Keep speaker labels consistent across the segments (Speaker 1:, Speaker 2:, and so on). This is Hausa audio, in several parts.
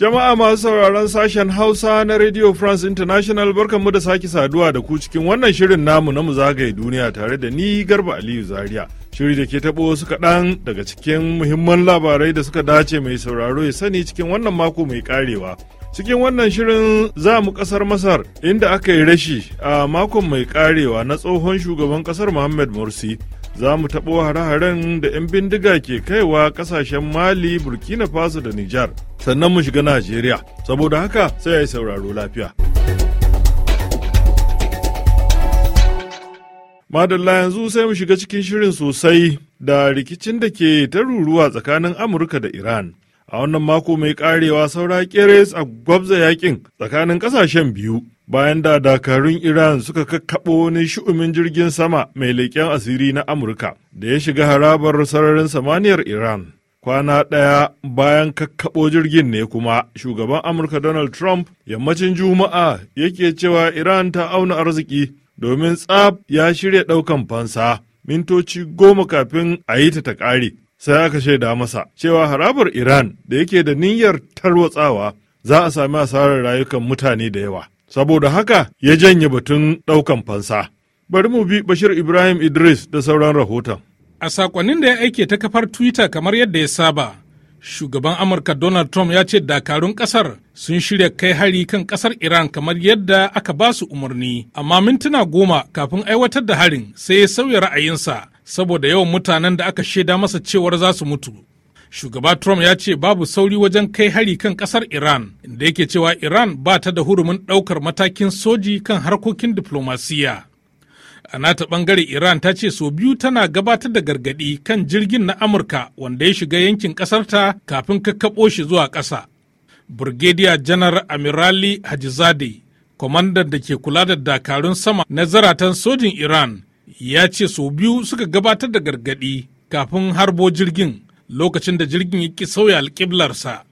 Speaker 1: Jama'a masu sauraron sashen Hausa na Radio France International barkanmu da sake saduwa da ku cikin wannan shirin namu na muzagaye duniya tare da ni Garba Aliyu Zaria. Shiri da ke taɓo wasu kaɗan daga cikin muhimman labarai da suka dace mai sauraro ya sani cikin wannan mako mai karewa. Cikin wannan shirin za mu ƙasar Masar inda aka yi rashi a makon mai ƙarewa na tsohon shugaban ƙasar Muhammad Morsi. za mu taɓo hare-haren da 'yan bindiga ke kaiwa ƙasashen mali burkina faso da nijar sannan mu shiga najeriya saboda haka sai ya yi sauraro lafiya madalla yanzu sai mu shiga cikin shirin sosai da rikicin da ke ta ruruwa tsakanin amurka da iran a wannan mako mai karewa saura keres a gwabza yakin tsakanin kasashen biyu bayan da dakarun Iran suka kakkaɓo wani shu'umin jirgin sama mai leƙen asiri na Amurka da ya shiga harabar sararin samaniyar Iran. Kwana ɗaya bayan kakkaɓo jirgin ne kuma shugaban Amurka Donald Trump yammacin Juma'a yake cewa Iran ta auna arziki domin tsab ya shirya ɗaukan fansa mintoci goma kafin a yi ta ta ƙare. Sai aka shaida masa cewa harabar Iran da yake da niyyar tarwatsawa za a sami asarar rayukan mutane da yawa. saboda haka ya janye batun ɗaukan fansa. Bari mu bi Bashir Ibrahim Idris da sauran rahoton.
Speaker 2: A sakonnin da ya aike ta kafar Twitter kamar yadda ya saba, shugaban Amurka Donald Trump ya ce dakarun ƙasar sun shirya kai hari kan ƙasar Iran kamar yadda aka ba su umarni, amma mintuna goma kafin aiwatar da harin sai ya sauya ra'ayinsa saboda yawan mutanen da aka shaida masa cewar za su mutu. shugaba trump ya ce babu sauri wajen kai hari kan kasar iran inda yake cewa iran ba ta da hurumin daukar matakin soji kan harkokin diflomasiya a nata bangare iran ta ce sau biyu tana gabatar da gargadi kan jirgin na amurka wanda ya shiga yankin ƙasarta kafin kakkaɓo shi zuwa ƙasa brigadier janar amirali hajizade kwamandan da ke kula da dakarun sama na zaratan sojin iran ya ce sau biyu suka gabatar da gargadi kafin harbo jirgin lokacin da jirgin ya ki sauya alƙiblarsa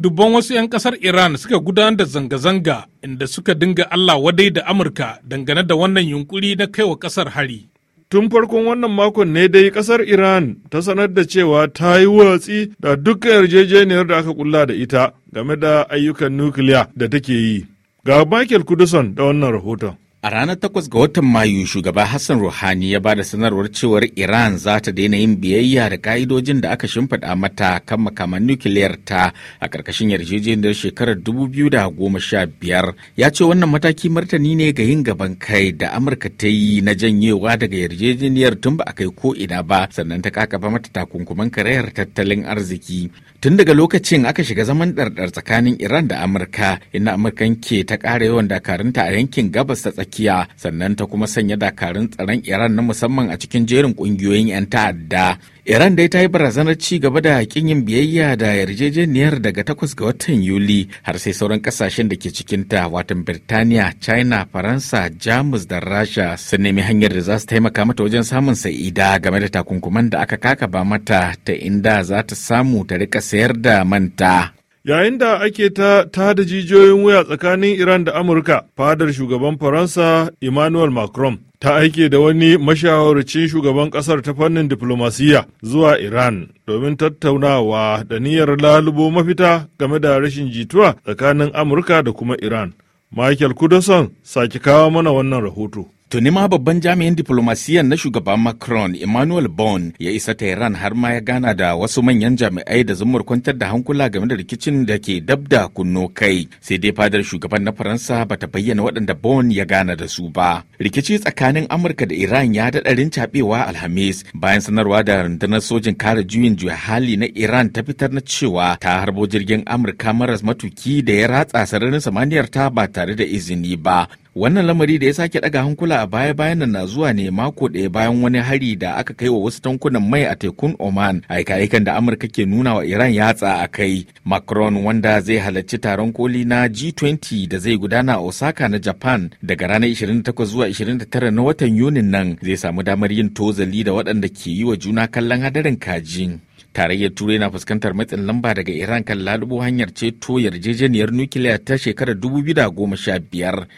Speaker 2: dubban wasu 'yan ƙasar iran suka gudanar da zanga-zanga inda suka dinga allah wadai da amurka dangane da wannan yunkuri na kai wa ƙasar hari
Speaker 1: tun farkon wannan makon ne dai ƙasar iran ta sanar da cewa ta yi watsi da dukkan yarjejeniyar da aka kulla da ita game da ayyukan nukiliya da take yi ga michael kuduson da wannan rahoton
Speaker 3: A ranar takwas ga watan Mayu shugaba Hassan Rouhani ya ba da sanarwar cewar Iran za ta daina yin biyayya da ka'idojin da aka shimfiɗa mata kan makaman nukiliyar ta a ƙarƙashin yarjejeniyar shekarar 2015. Ya ce wannan mataki martani ne ga yin gaban kai da Amurka ta yi na janyewa daga yarjejeniyar tun ba a kai ko ina ba sannan ta kakaba mata takunkuman karayar tattalin arziki. Tun daga lokacin aka shiga zaman ɗarɗar tsakanin Iran da Amurka inda Amurkan ke ta ƙara yawan dakarunta a yankin gabas ta tsakiya sannan ta kuma sanya dakarun tsaron iran na musamman a cikin jerin kungiyoyin 'yan ta'adda iran dai ta yi barazanar ci gaba da hakin yin biyayya da yarjejeniyar daga takwas ga watan yuli har sai sauran kasashen da ke cikinta watan birtaniya china faransa jamus da rasha sun nemi hanyar da za su taimaka mata wajen samun sa'ida game da takunkuman da aka kakaba mata ta inda za ta samu ta rika sayar da manta
Speaker 1: Yayin da ake ta tada jijiyoyin wuya tsakanin Iran da Amurka, fadar shugaban Faransa Emmanuel Macron ta aike da wani mashawarcin shugaban kasar ta fannin diflomasiyya zuwa Iran domin tattaunawa da niyyar lalubo mafita game da rashin jituwa tsakanin Amurka da kuma Iran. Michael Kudoson saki kawo mana wannan rahoto. Tuni ma babban jami'in diplomasiyyar
Speaker 3: na shugaban Macron Emmanuel Bon ya isa Tehran har ma ya gana da wasu manyan jami'ai da zumar kwantar da hankula game da rikicin da ke dab da kunno kai. Sai dai fadar shugaban na Faransa ba ta bayyana waɗanda Bon ya gana da su ba. Rikici tsakanin Amurka da Iran ya daɗa rincaɓewa Alhamis bayan sanarwa da rundunar sojin kare juyin juya hali na Iran ta fitar na cewa ta harbo jirgin Amurka maras matuki da ya ratsa sararin samaniyar ta ba tare da izini ba. Wannan lamari da ya sake daga hankula a baya-bayan nan na zuwa ne mako ɗaya bayan wani hari da aka kai wa wasu tankunan mai a tekun Oman, aika-aikan da Amurka ke nuna wa Iran yatsa a kai. Macron wanda zai halarci taron koli na G20 da zai gudana a Osaka na Japan daga ranar 28 zuwa 29 na watan Yunin nan zai samu damar yin tozali da waɗanda ke yi wa juna kallon hadarin kajin. tarayyar turai na fuskantar matsin lamba daga iran kan lalubo hanyar ceto yarjejeniyar nukiliya ta shekarar 2015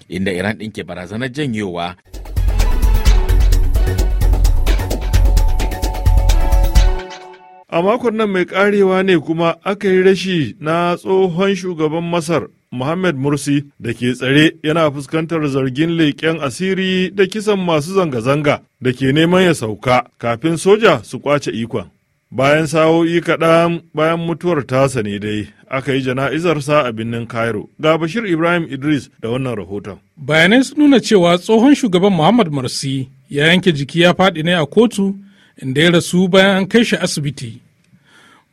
Speaker 3: inda iran ɗin ke barazanar janyowa.
Speaker 1: a makon nan mai karewa ne kuma aka yi rashi na tsohon shugaban masar Muhammad Mursi da ke tsare yana fuskantar zargin leƙen asiri da kisan masu zanga-zanga da ke neman ya sauka kafin soja su kwace ikon. bayan sa'o'i kaɗan bayan mutuwar tasa ne dai aka yi jana'izar sa a birnin cairo ga bashir ibrahim idris da wannan rahoton
Speaker 2: bayanai su nuna cewa tsohon shugaban muhammad marsi ya yanke jiki ya faɗi ne a kotu inda ya rasu bayan an kai shi asibiti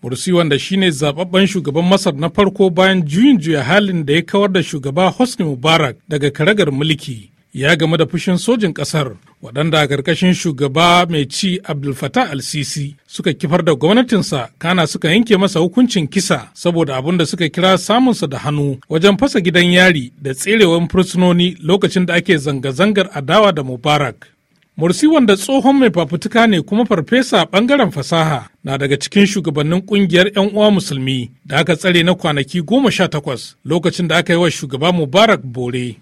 Speaker 2: mursi wanda shine zababben shugaban masar na farko bayan juyin juya halin da ya kawar da shugaba hosni mubarak daga karagar mulki ya game da fushin sojin ƙasar waɗanda a ƙarƙashin shugaba mai ci abdul fatah al-sisi suka kifar da gwamnatinsa kana suka yanke masa hukuncin kisa saboda abin da suka kira samunsa da hannu wajen fasa gidan yari da tserewan fursunoni lokacin da ake zanga-zangar adawa da mubarak mursi wanda tsohon mai fafutuka ne kuma farfesa bangaren fasaha na daga cikin shugabannin kungiyar 'yan uwa musulmi da aka tsare na kwanaki goma sha takwas lokacin da aka yi wa shugaba mubarak bore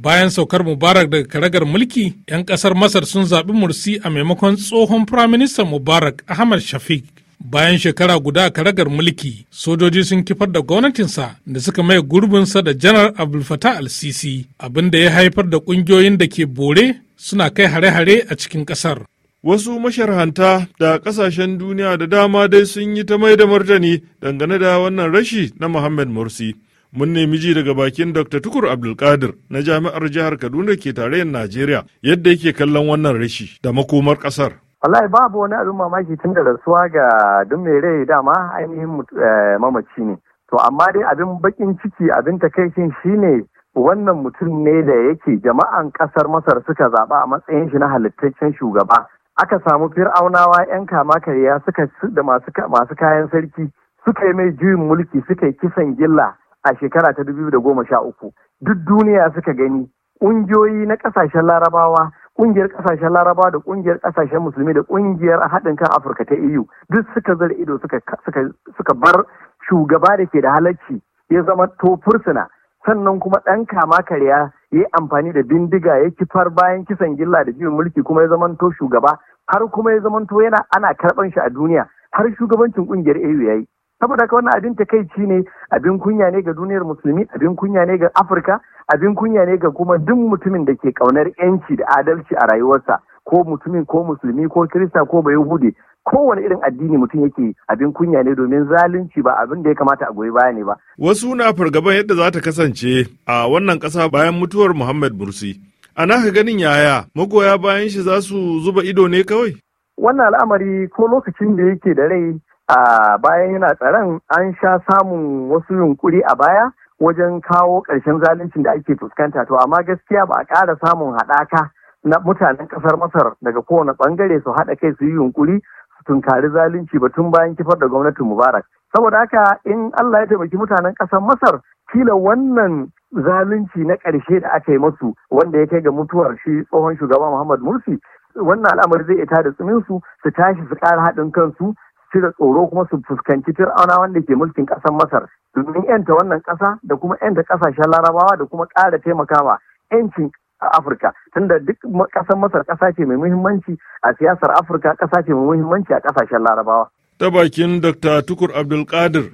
Speaker 2: bayan saukar mubarak daga karagar mulki 'yan kasar masar sun zaɓi mursi a maimakon tsohon firaministan mubarak ahmad shafiq bayan shekara guda a karagar mulki sojoji sun kifar da gwamnatinsa da suka mai gurbinsa da janar abulfata al-sisi abin da ya haifar da ƙungiyoyin da ke bore suna kai hare-hare a cikin ƙasar
Speaker 1: wasu masharhanta da ƙasashen duniya da dama dai sun yi ta mai da martani dangane da wannan rashi na muhammad morsi mun nemi ji daga bakin Dr. Tukur Abdulkadir na Jami'ar Jihar Kaduna ke tarayyar Najeriya yadda yake kallon wannan rashi da makomar kasar.
Speaker 4: Wallahi babu wani abin mamaki tun da rasuwa ga duk mai rai dama ainihin eh, mamaci ne. To amma dai abin bakin ciki abin takaicin shine wannan mutum ne da yake jama'an kasar Masar suka zaba a matsayin shi na halittaccen shugaba. Aka samu fir'aunawa 'yan kama karya suka da masu kayan sarki suka yi mai juyin mulki suka yi kisan gilla a shekara ta dubu da goma sha uku duk duniya suka gani ƙungiyoyi na ƙasashen larabawa ƙungiyar ƙasashen larabawa da ƙungiyar ƙasashen musulmi da ƙungiyar haɗin kan afirka ta eu duk suka zara ido suka bar shugaba da ke da halacci ya zama to fursuna sannan kuma ɗan kama karya ya yi amfani da bindiga ya kifar bayan kisan gilla da juyin mulki kuma ya zamanto shugaba har kuma ya zamanto yana ana karɓan shi a duniya har shugabancin ƙungiyar AU e ya yi saboda ka wannan abin takaici ne abin kunya ne ga duniyar musulmi abin kunya ne ga afirka abin kunya ne ga kuma duk mutumin da ke kaunar yanci da adalci a rayuwarsa ko mutumin ko musulmi ko kirista ko bai hude kowane irin addini mutum yake abin kunya ne domin zalunci
Speaker 1: ba abin da ya kamata a goyi baya ne ba. Wasu na fargaban yadda za ta kasance a wannan kasa bayan mutuwar Muhammad Bursi. A naka ganin yaya magoya bayan shi za su zuba ido ne kawai? Wannan al'amari ko lokacin da yake da rai a bayan yana tsaron
Speaker 4: an sha samun wasu yunkuri a baya wajen kawo ƙarshen zaluncin da ake fuskanta to amma gaskiya ba a ƙara samun haɗaka na mutanen ƙasar masar daga kowane ɓangare su haɗa kai su yi yunkuri su tunkari zalunci ba tun bayan kifar da gwamnatin mubarak saboda haka in allah ya taimaki mutanen ƙasar masar kila wannan zalunci na ƙarshe da aka yi masu wanda ya kai ga mutuwar shi tsohon shugaba muhammad mursi wannan al'amari zai ita da tsiminsu su tashi su ƙara haɗin kansu cire tsoro kuma su fuskanci fir'auna wanda ke mulkin ƙasar masar domin yanta wannan ƙasa da kuma yanta ƙasashen larabawa da kuma ƙara taimakawa yancin a afirka tunda duk ƙasar masar ƙasa ce mai muhimmanci a
Speaker 1: siyasar afirka ƙasa ce mai muhimmanci a ƙasashen larabawa ta bakin dr tukur abdulkadir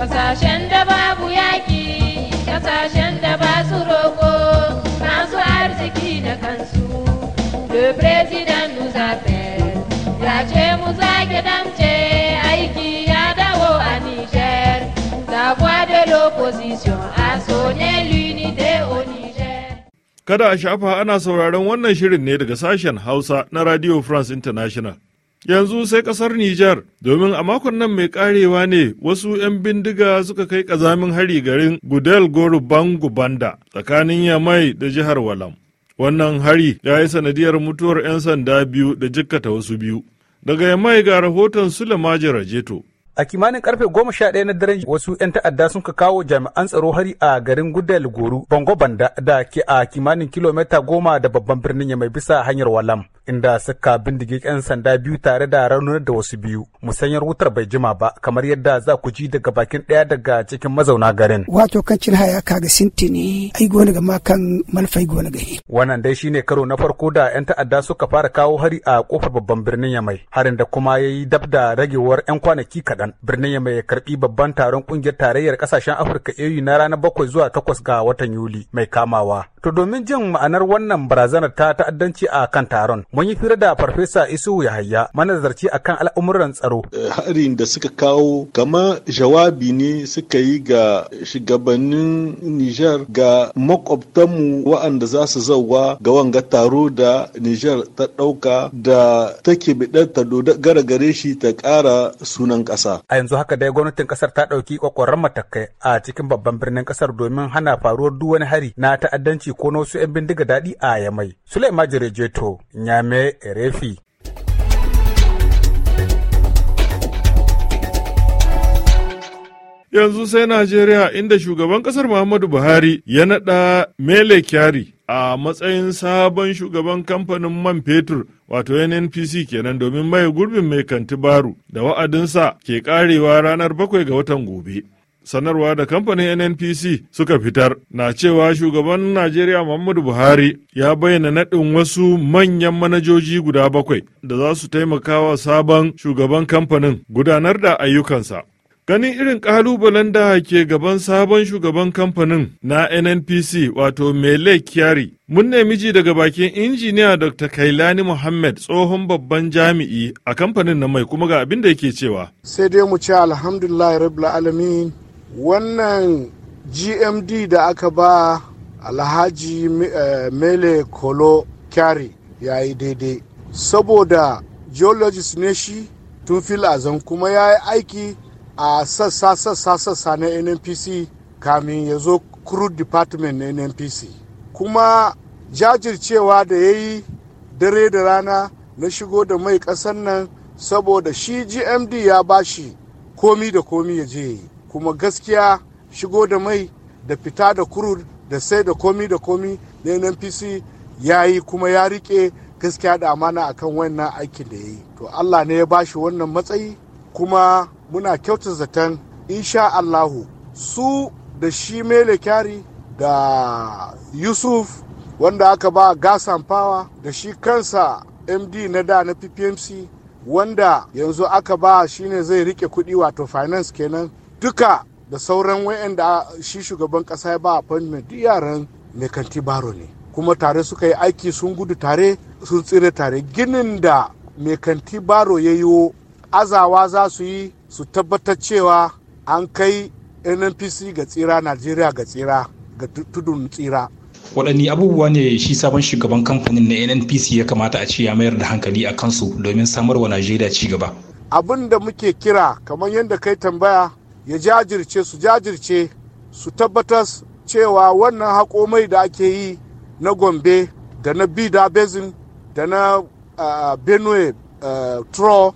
Speaker 2: kasashen kasashen da ba su roko masu arziki da kansu le president nous ya ce mu zage damce aiki ya dawo a niger la voix de l'opposition a sonné l'unité au niger
Speaker 1: kada a shafa ana sauraron wannan shirin ne daga sashen hausa na radio france international Yanzu sai kasar Nijar, domin a makon nan mai karewa ne wasu 'yan bindiga suka kai kazamin hari garin Gudel Bangu Banda tsakanin Yamai da jihar Walam. Wannan hari ya yi sanadiyar mutuwar 'yan sanda biyu da jikkata wasu biyu. Daga Yamai ga rahoton Sulema Jirajeto. A kimanin karfe goma sha ɗaya na
Speaker 5: daren wasu 'yan ta'adda sun ka kawo jami'an tsaro hari a garin Gudel Goru, Bango Banda da ke a kimanin kilomita goma da babban birnin ya mai bisa hanyar Walam, inda suka bindige 'yan sanda biyu tare da raununar da wasu biyu. Musanyar wutar bai jima ba, kamar yadda za ku ji daga bakin ɗaya daga cikin mazauna garin. Wato kan cin haya kaga sinti ne, ai gona ga makan malfai gona ga Wannan dai shine karo na farko da 'yan ta'adda suka fara kawo hari a kofar babban birnin mai. harin da kuma yayi dab da ragewar 'yan kwanaki kaɗan. Sudan. Birnin Yamai ya karbi babban taron kungiyar tarayyar kasashen Afirka AU na ranar bakwai zuwa takwas ga watan Yuli mai kamawa. To domin jin ma'anar wannan barazanar ta ta'addanci a kan taron, mun yi fira da Farfesa Isu Yahaya manazarci a kan al'amuran tsaro.
Speaker 1: Eh, harin da suka kawo kama jawabi ne suka yi ga shugabannin Nijar ga makwabtanmu wa'anda za su zauwa ga wanga taro da Nijar ta ɗauka da take biɗar ta gara gare shi ta ƙara sunan ƙasa. ƙasa.
Speaker 5: A yanzu haka dai gwamnatin ƙasar ta ɗauki ƙwaƙwaran matakai a cikin babban birnin ƙasar domin hana faruwar duk wani hari na ta'addanci ko na wasu 'yan bindiga daɗi a Yamai. Suleiman Jirejeto, Nyame, Erefi.
Speaker 1: Yanzu sai Najeriya inda shugaban ƙasar Muhammadu Buhari ya naɗa Mele Kyari a matsayin sabon shugaban kamfanin man fetur wato nnpc kenan domin mai gurbin mai kanti baru da wa'adinsa ke karewa ranar bakwai ga watan gobe sanarwa da kamfanin nnpc suka fitar na cewa shugaban najeriya muhammadu buhari ya bayyana naɗin wasu manyan manajoji guda bakwai da za su taimakawa sabon shugaban kamfanin gudanar da ayyukansa Ganin irin ƙalubalen da ke gaban sabon shugaban kamfanin na NNPC wato Mele Kyari, mun nemi ji daga bakin injiniya Dr. Kailani Muhammad tsohon babban jami'i a kamfanin na mai kuma ga abin da yake cewa.
Speaker 6: Sai dai mu ce alhamdulillah rabbil alamin wannan GMD da aka ba Alhaji eh, Mele Kolo Kyari ya daidai. Saboda geologist ne shi tun fil azan kuma ya yi aiki a sassa sassa na nnpc kamin ya zo crude department na nnpc kuma jajircewa da ya yi dare da rana na shigo da mai kasan nan saboda shi gmd ya bashi komi da komi ya je kuma gaskiya shigo da mai da fita da crude da sai da komi da komi na nnpc ya yi kuma ya rike gaskiya da amana akan wannan aikin da ya yi to allah ne ya bashi wannan matsayi kuma muna kyautar zaton insha Allahu su da shi mele kyari da yusuf wanda aka ba gasan fawa da shi kansa md na da na ppmc wanda yanzu aka ba shine zai rike kudi wato finance kenan duka da sauran wayan da shi shugaban kasa ya ba appointment duk yaran mai kanti baro ne kuma tare suka yi aiki sun gudu tare sun tsire tare ginin da mai kanti baro ya yiwo azawa za su yi su tabbatar cewa an kai nnpc ga tsira najeriya ga tsira ga tudun tsira
Speaker 7: waɗanne
Speaker 5: abubuwa ne shi sabon shugaban kamfanin na nnpc ya kamata a ce ya mayar da hankali a kansu domin samarwa najeriya ci gaba
Speaker 6: abin da muke kira kamar yadda kai tambaya ya jajirce su jajirce su tabbatar cewa wannan haƙomai da ake yi na gombe da na bida basin da na ah, benue ah, tro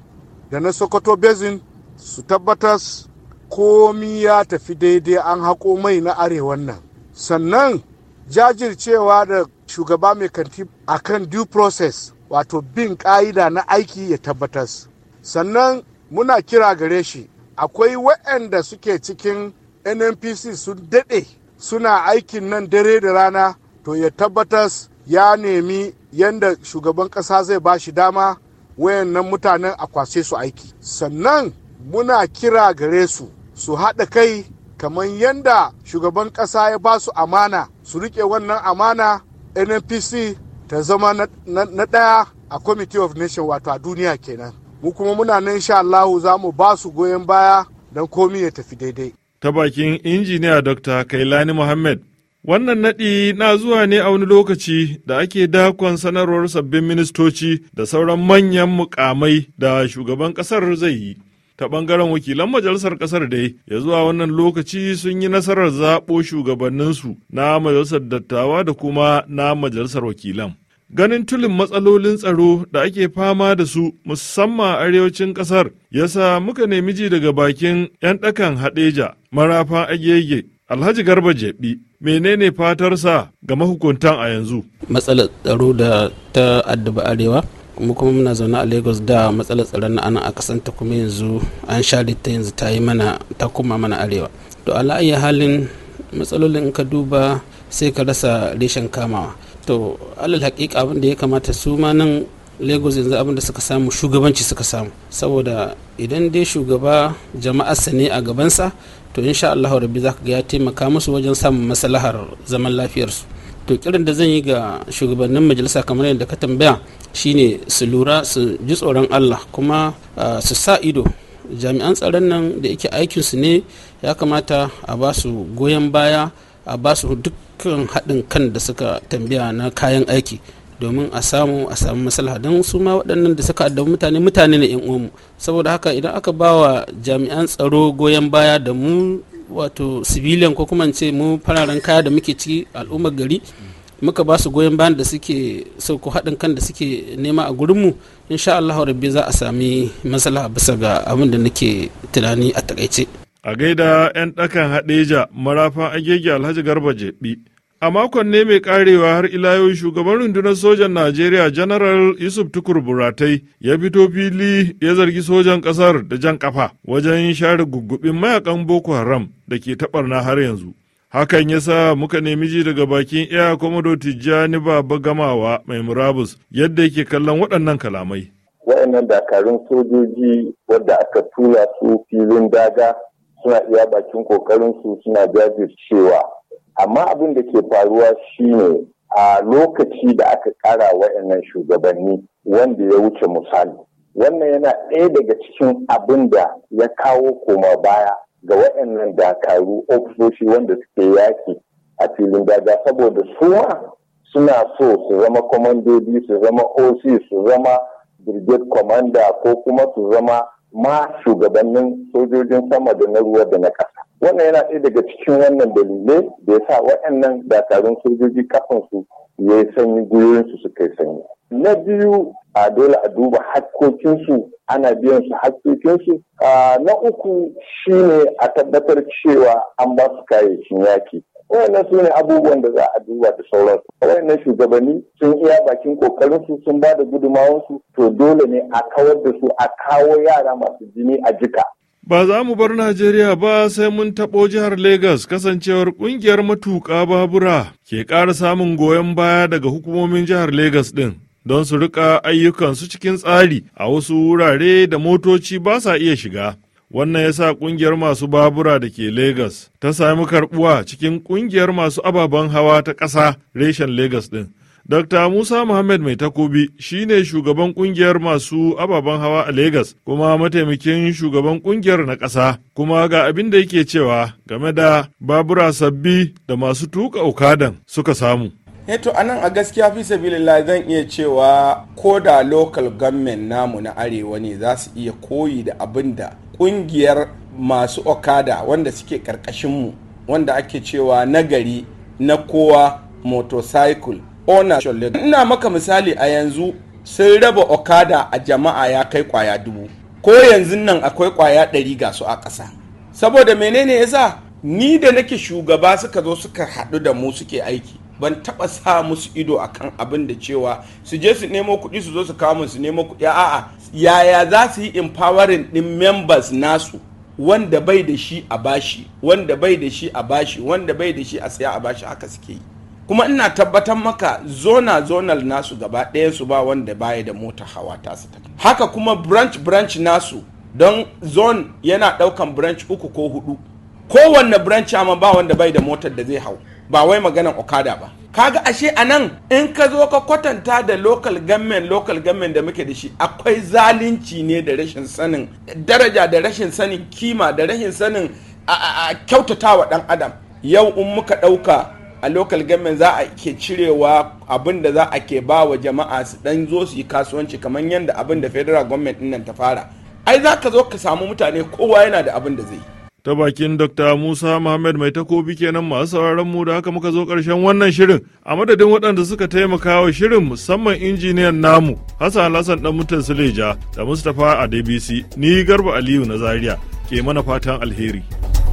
Speaker 6: da na sokoto basin su tabbatas komi ya tafi daidai an haƙo mai na arewan nan sannan jajircewa da shugaba mai kanti a kan due process wato bin ƙa'ida na aiki ya tabbatas sannan muna kira gare shi akwai waɗanda suke cikin nnpc su daɗe suna aikin nan dare da rana to ya tabbatas ya nemi yadda shugaban ƙasa zai ba shi dama wayannan mutanen a kwashe su aiki sannan muna kira gare su su haɗa kai kamar yadda shugaban ƙasa ya ba su amana su riƙe wannan amana nnpc ta zama na ɗaya a committee of nation wato a duniya kenan mu kuma muna nan insha Allahu za mu ba su goyon baya don komi ya tafi daidai
Speaker 1: ta bakin injiniya dr kailani muhammad Wannan naɗi na zuwa ne a wani lokaci da ake dakon sanarwar sabbin ministoci da sauran manyan mukamai da shugaban ƙasar zai yi. Ta ɓangaren wakilan majalisar ƙasar dai ya zuwa wannan lokaci sun yi nasarar zaɓo shugabanninsu na majalisar dattawa da kuma na majalisar wakilan. ganin tulin matsalolin tsaro da ake fama da su musamman a arewacin ƙasar ya sa muka nemi ji daga bakin 'yan ɗakan haɗeja marafan agege Alhaji Garba Jebi menene fatarsa ga mahukuntan a yanzu? Matsalar tsaro da ta addaba arewa kuma kuma muna zaune a Lagos
Speaker 7: da matsalar tsaro na ana a kasanta kuma yanzu an sha ta yanzu ta yi mana ta kuma mana arewa. To ala'ayyar halin matsalolin ka duba sai ka rasa reshen kamawa. To alal haƙiƙa abin da ya kamata su ma nan lagos yanzu abinda suka samu shugabanci suka samu saboda idan dai shugaba jama'arsa ne a gabansa to insha allahu rabbi za ga ya taimaka musu wajen samun maslahar zaman lafiyarsu to kirin da zan yi ga shugabannin majalisa kamar yadda ka tambaya shine su lura su ji tsoron allah kuma su sa ido jami'an tsaron nan da yake aikinsu ne ya kamata a ba su goyon baya a ba su dukkan haɗin kan da suka tambaya na kayan aiki domin a samu a samu maslaha don su ma waɗannan da suka addabi mutane mutane na 'yan uwanmu saboda haka idan aka ba wa jami'an tsaro goyon baya da mu wato civilian ko kuma ce mu fararen kaya da muke ciki al'ummar gari muka ba su goyon bayan da suke sauko haɗin kan da suke nema a gurinmu insha Allah rabbi
Speaker 1: za a sami maslaha bisa ga abin da nake tunani a takaice a gaida 'yan ɗakan haɗeja marafan agege alhaji garba jeɓi A makon ne mai karewa har ilayoyi shugaban rundunar sojan Najeriya janaral Yusuf Tukur Buratai ya fito fili ya zargi sojan kasar da jan kafa wajen share gugubin mayakan Boko Haram da ke taɓarna har yanzu. Hakan ya sa muka nemi ji daga bakin iya komodo Tijjani Baba Gamawa mai murabus yadda yake kallon waɗannan kalamai.
Speaker 8: Waɗannan dakarun sojoji wadda aka tura su filin daga suna iya bakin ƙoƙarinsu suna jajircewa amma abin da ke faruwa shine a lokaci da aka kara wa'annan shugabanni wanda ya wuce misali wannan yana ɗaya daga cikin abin da ya kawo koma baya ga wa'annan dakaru ofisoshi wanda suke yaki a filin daga saboda suwa suna so su zama kwamandodi su zama oc su zama brigade commander ko kuma su zama ma shugabannin sojojin sama da na ruwa da na ƙasa wannan yana ɗaya daga cikin wannan dalilai da ya sa waɗannan dakarun sojoji kafin su ya yi sanyi gwiwoyinsu su kai sanyi na biyu a dole a duba hakkokinsu ana biyan su hakkokinsu na uku shine a tabbatar cewa an ba su kayayyakin yaki wayannan su ne abubuwan da za a duba da sauransu wayannan shugabanni sun iya bakin kokarinsu sun ba da su to dole ne a kawar da su a kawo yara masu jini a jika
Speaker 1: Ba za mu bar Najeriya ba sai mun taɓo jihar Legas kasancewar ƙungiyar matuƙa babura ke ƙara samun goyon baya daga hukumomin jihar Legas ɗin don su riƙa ayyukansu cikin tsari a wasu wurare da motoci ba sa iya shiga. Wannan ya sa ƙungiyar masu babura da ke Legas ta sami karɓuwa cikin ƙungiyar masu ababen hawa ta ƙasa reshen Legas ɗin. Dr. Musa Muhammad Mai Takobi shi ne shugaban kungiyar masu ababen hawa a Legas kuma mataimakin shugaban kungiyar na ƙasa kuma ga abin da yake cewa game da babura sabbi da masu tuka okadan suka samu.
Speaker 9: Eto eh anan a gaskiya fi sabilillah zan iya cewa ko da local government namu na arewa ne za su iya koyi da abin da kungiyar masu okada wanda suke karkashinmu wanda ake cewa nagari na kowa motorcycle ona ina maka misali a yanzu sun raba okada a jama'a ya kai kwaya dubu ko yanzu nan akwai kwaya ɗari ga su a ƙasa saboda menene yasa ni da nake shugaba suka zo suka haɗu da mu suke aiki ban taɓa sa musu ido akan abin da cewa su je su nemo kuɗi su zo su kawo su nemo kuɗi a'a yaya za su yi empowering ɗin members nasu wanda bai da shi a bashi wanda bai da shi a bashi wanda bai da shi a saya a bashi haka suke yi kuma ina tabbatar maka zona zonal nasu gaba ɗaya su ba wanda baya da mota hawa ta su haka kuma branch branch nasu don zone yana ɗaukan branch uku ko hudu kowanne branch amma ba wanda bai da motar da zai hau ba wai maganan okada ba kaga ashe a nan in ka zo ka kwatanta da local government local government da muke da shi akwai zalunci ne da rashin sanin daraja da rashin sanin kima da rashin sanin a kyautatawa dan adam yau in muka ɗauka a local government za a ke cirewa abin da za a ke ba wa jama'a su dan zo su yi kasuwanci kamar yadda abin da federal government din nan ta fara ai za ka zo ka samu mutane kowa yana da abin
Speaker 1: da zai ta bakin dr musa muhammad mai takobi kenan masu sauraron mu da haka muka zo karshen wannan shirin a madadin waɗanda suka taimaka wa shirin musamman injiniyan namu hassan hassan dan mutan suleja da mustapha a dbc ni garba aliyu na zaria ke mana fatan alheri